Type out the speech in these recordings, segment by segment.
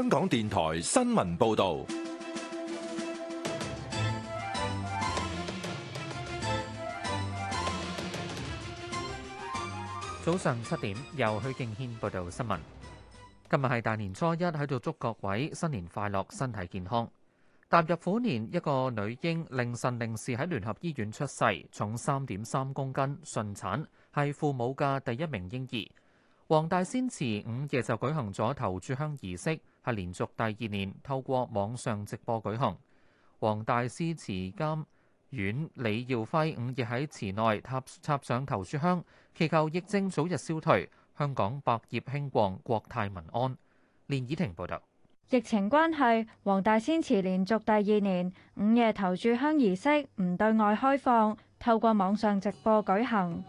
香港電台新聞報道，早上七點，由許敬軒報道新聞。今日係大年初一，喺度祝各位新年快樂，身體健康。踏入虎年，一個女嬰凌晨零時喺聯合醫院出世，重三點三公斤，順產，係父母嘅第一名嬰兒。黃大仙祠午夜就舉行咗頭炷香儀式，係連續第二年透過網上直播舉行。黃大仙祠監院李耀輝午夜喺祠內插插上頭炷香，祈求疫症早日消退，香港百業興旺，國泰民安。連綺婷報道，疫情關係，黃大仙祠連續第二年午夜頭炷香儀式唔對外開放，透過網上直播舉行。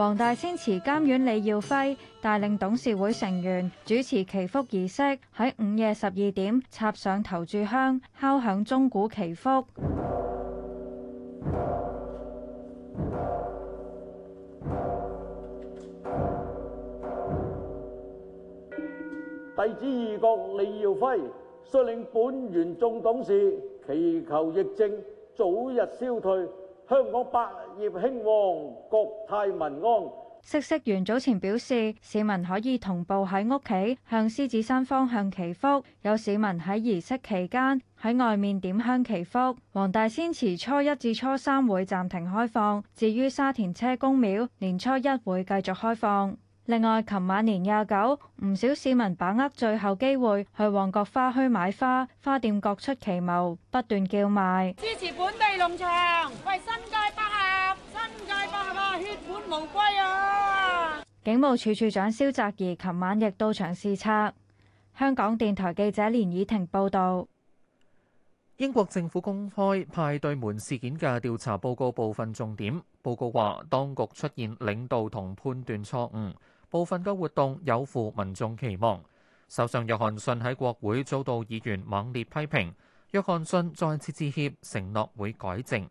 黃大仙祠監院李耀輝帶領董事會成員主持祈福儀式，喺午夜十二點插上頭炷香，敲響鐘鼓祈福。弟子異國李耀輝率領本院眾董事祈求疫症早日消退，香港百。業興旺，國泰民安。嗇色園早前表示，市民可以同步喺屋企向獅子山方向祈福。有市民喺儀式期間喺外面點香祈福。黃大仙祠初一至初三會暫停開放，至於沙田車公廟年初一會繼續開放。另外，琴晚年廿九，唔少市民把握最後機會去旺角花墟買花，花店各出奇謀，不斷叫賣。支持本地農場，喂新雞。警務處處長蕭澤頤琴晚亦到場視察。香港電台記者連以婷報道：英國政府公開派對門事件嘅調查報告部分重點。報告話當局出現領導同判斷錯誤，部分嘅活動有負民眾期望。首相約翰遜喺國會遭到議員猛烈批評，約翰遜再次致歉，承諾會改正。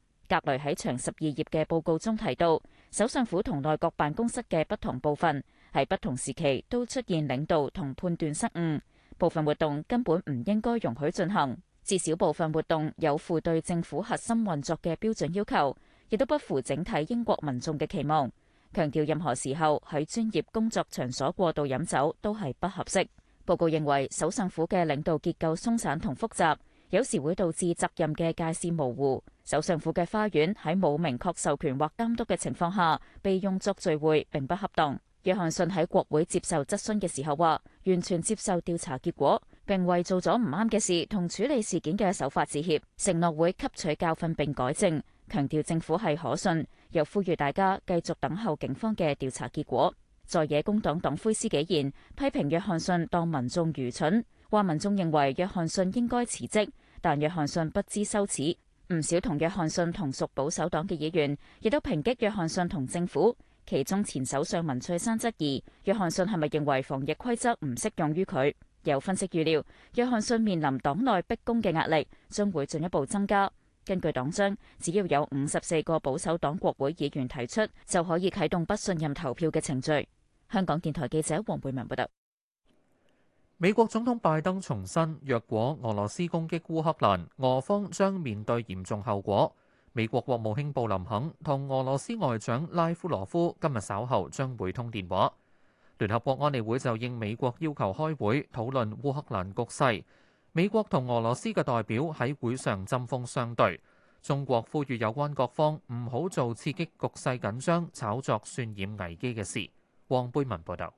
格雷喺長十二頁嘅報告中提到，首相府同內閣辦公室嘅不同部分喺不同時期都出現領導同判斷失誤，部分活動根本唔應該容許進行，至少部分活動有負對政府核心運作嘅標準要求，亦都不符整體英國民眾嘅期望。強調任何時候喺專業工作場所過度飲酒都係不合適。報告認為，首相府嘅領導結構鬆散同複雜，有時會導致責任嘅界線模糊。首相府嘅花園喺冇明確授權或監督嘅情況下被用作聚會，並不恰當。約翰遜喺國會接受質詢嘅時候話，完全接受調查結果，並為做咗唔啱嘅事同處理事件嘅手法致歉，承諾會吸取教訓並改正，強調政府係可信，又呼籲大家繼續等候警方嘅調查結果。在野工黨黨魁施紀賢批評約翰遜當民眾愚蠢，話民眾認為約翰遜應該辭職，但約翰遜不知羞恥。唔少同約翰遜同屬保守黨嘅議員亦都抨擊約翰遜同政府，其中前首相文翠珊質疑約翰遜係咪認為防疫規則唔適用於佢。有分析預料，約翰遜面臨黨內逼宮嘅壓力將會進一步增加。根據黨章，只要有五十四個保守黨國會議員提出，就可以啟動不信任投票嘅程序。香港電台記者黃慧文報道。美國總統拜登重申，若果俄羅斯攻擊烏克蘭，俄方將面對嚴重後果。美國國務卿布林肯同俄羅斯外長拉夫羅夫今日稍後將會通電話。聯合國安理會就應美國要求開會討論烏克蘭局勢，美國同俄羅斯嘅代表喺會上針鋒相對。中國呼籲有關各方唔好做刺激局勢緊張、炒作渲染危機嘅事。黃貝文報道。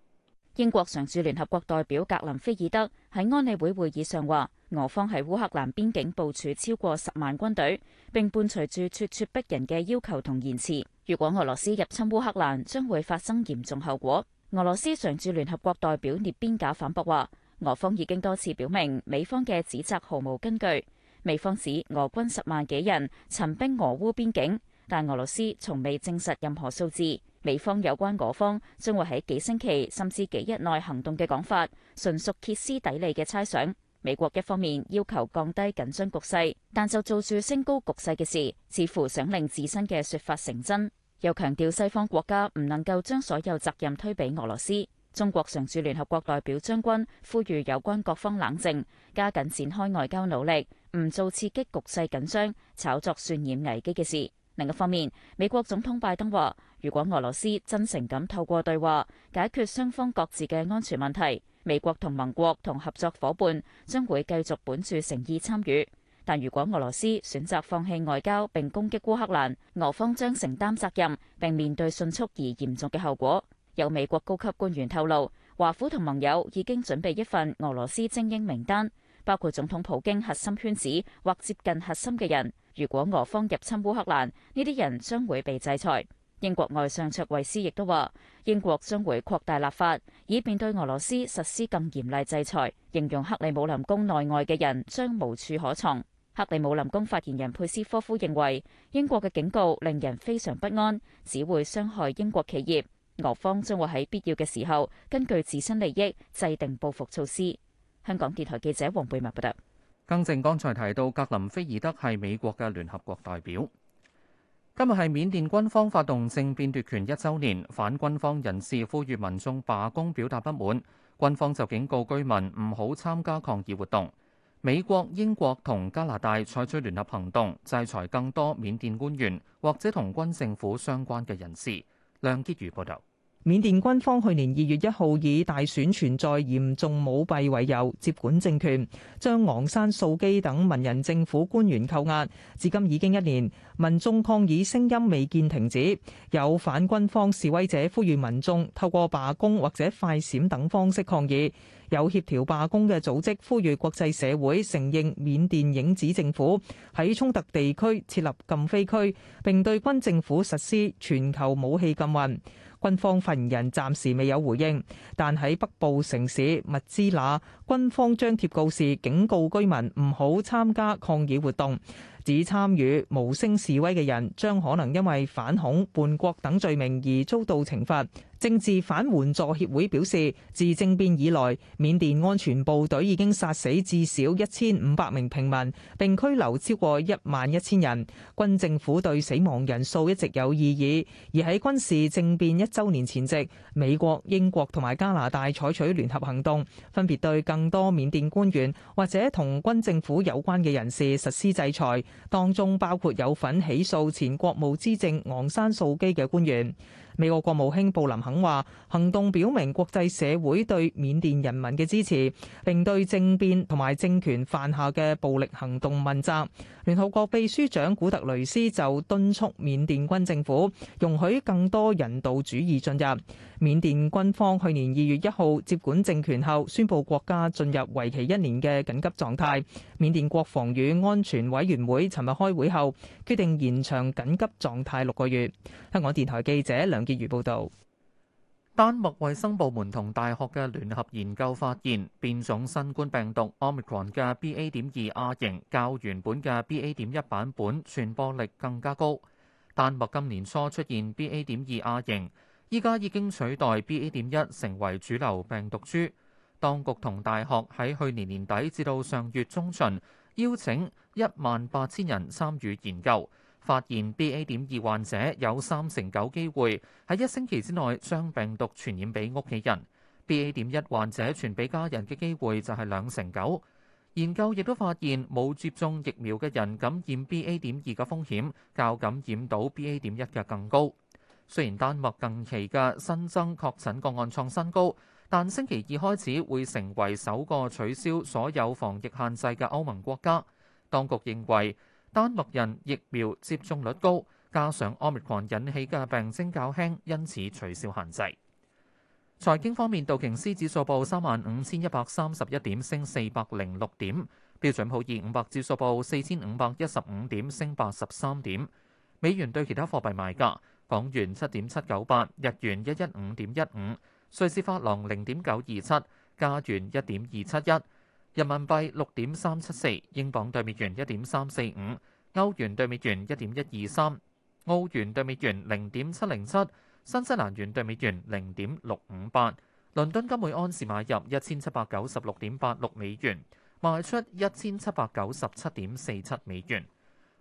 英國常駐聯合國代表格林菲爾德喺安理會會議上話，俄方喺烏克蘭邊境部署超過十萬軍隊，並伴隨住咄咄逼人嘅要求同言辭。如果俄羅斯入侵烏克蘭，將會發生嚴重後果。俄羅斯常駐聯合國代表涅邊賈反駁話，俄方已經多次表明美方嘅指責毫無根據。美方指俄軍十萬幾人陳兵俄烏邊境。但俄羅斯從未證實任何數字，美方有關我方將會喺幾星期甚至幾日內行動嘅講法，純屬歇斯底里嘅猜想。美國一方面要求降低緊張局勢，但就做住升高局勢嘅事，似乎想令自身嘅說法成真，又強調西方國家唔能夠將所有責任推俾俄羅斯。中國常駐聯合國代表張軍呼籲有關各方冷靜，加緊展開外交努力，唔做刺激局勢緊張、炒作渲染危機嘅事。另一方面，美國總統拜登話，如果俄羅斯真誠咁透過對話解決雙方各自嘅安全問題，美國同盟國同合作伙伴將會繼續本住誠意參與。但如果俄羅斯選擇放棄外交並攻擊烏克蘭，俄方將承擔責任並面對迅速而嚴重嘅後果。有美國高級官員透露，華府同盟友已經準備一份俄羅斯精英名單。包括總統普京核心圈子或接近核心嘅人，如果俄方入侵烏克蘭，呢啲人將會被制裁。英國外相卓慧思亦都話，英國將會擴大立法，以便對俄羅斯實施更嚴厲制裁，形容克里姆林宮內外嘅人將無處可藏。克里姆林宮發言人佩斯科夫認為，英國嘅警告令人非常不安，只會傷害英國企業。俄方將會喺必要嘅時候，根據自身利益制定報復措施。香港電台記者黃貝文報道。不得更正，剛才提到格林菲爾德係美國嘅聯合國代表。今日係緬甸軍方發動政變奪權一周年，反軍方人士呼籲民眾罷工表達不滿，軍方就警告居民唔好參加抗議活動。美國、英國同加拿大採取聯合行動，制裁更多緬甸官員或者同軍政府相關嘅人士。梁潔如報道。緬甸軍方去年二月一號以大選存在嚴重舞弊為由接管政權，將昂山素基等文人政府官員扣押。至今已經一年，民眾抗議聲音未見停止。有反軍方示威者呼籲民眾透過罷工或者快閃等方式抗議。有協調罷工嘅組織呼籲國際社會承認緬甸影子政府喺衝突地區設立禁飛區，並對軍政府實施全球武器禁運。軍方發言人暫時未有回應，但喺北部城市密支那，軍方張貼告示警告居民唔好參加抗議活動，指參與無聲示威嘅人將可能因為反恐、叛國等罪名而遭到懲罰。政治犯援助協會表示，自政變以來，緬甸安全部隊已經殺死至少一千五百名平民，並拘留超過一萬一千人。軍政府對死亡人數一直有異議，而喺軍事政變一周年前夕，美國、英國同埋加拿大採取聯合行動，分別對更多緬甸官員或者同軍政府有關嘅人士實施制裁，當中包括有份起訴前國務資政昂山素基嘅官員。美國國務卿布林肯話：行動表明國際社會對緬甸人民嘅支持，並對政變同埋政權犯下嘅暴力行動問責。聯合國秘書長古特雷斯就敦促緬甸軍政府容許更多人道主義進入。緬甸軍方去年二月一號接管政權後，宣布國家進入為期一年嘅緊急狀態。緬甸國防與安全委員會尋日開會後，決定延長緊急狀態六個月。香港電台記者梁。記者報道，丹麥衛生部門同大學嘅聯合研究發現，變種新冠病毒 Omicron 嘅 BA. 點二 R 型較原本嘅 BA. 點一版本傳播力更加高。丹麥今年初出現 BA. 點二 R 型，依家已經取代 BA. 點一成為主流病毒株。當局同大學喺去年年底至到上月中旬，邀請一萬八千人參與研究。發現 BA.2 患者有三成九機會喺一星期之內將病毒傳染俾屋企人，BA.1 患者傳俾家人嘅機會就係兩成九。研究亦都發現，冇接種疫苗嘅人感染 BA.2 嘅風險較感染到 BA.1 嘅更高。雖然丹麥近期嘅新增確診個案創新高，但星期二開始會成為首個取消所有防疫限制嘅歐盟國家。當局認為，丹麥人疫苗接種率高，加上 Omicron 引起嘅病徵較輕，因此取消限制。財經方面，道瓊斯指數報三萬五千一百三十一點，升四百零六點；標準普爾五百指數報四千五百一十五點，升八十三點。美元對其他貨幣買價：港元七點七九八，日元一一五點一五，瑞士法郎零點九二七，加元一點二七一。人民幣六點三七四，英鎊對美元一點三四五，歐元對美元一點一二三，澳元對美元零點七零七，新西蘭元對美元零點六五八。倫敦金每盎司買入一千七百九十六點八六美元，賣出一千七百九十七點四七美元。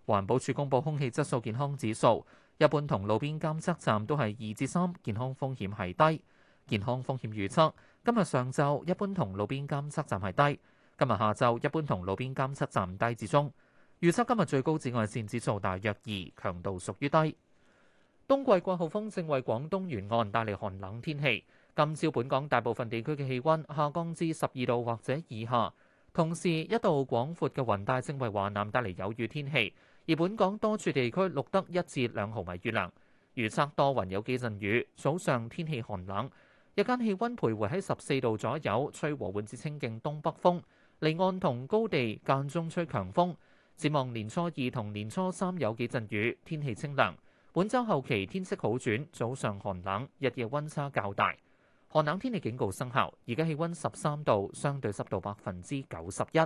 環保署公布空氣質素健康指數，一般同路邊監測站都係二至三，3，健康風險係低。健康風險預測今日上晝一般同路邊監測站係低。今日下晝一般同路邊監測站低至中，預測今日最高紫外線指數大約二，強度屬於低。冬季季候風正為廣東沿岸帶嚟寒冷天氣。今朝本港大部分地區嘅氣溫下降至十二度或者以下。同時，一道廣闊嘅雲帶正為華南帶嚟有雨天氣，而本港多處地區錄得一至兩毫米雨量。預測多雲有幾陣雨，早上天氣寒冷，日間氣溫徘徊喺十四度左右，吹和緩至清勁東北風。離岸同高地間中吹強風，展望年初二同年初三有幾陣雨，天氣清涼。本周後期天色好轉，早上寒冷，日夜溫差較大。寒冷天氣警告生效，而家氣溫十三度，相對濕度百分之九十一。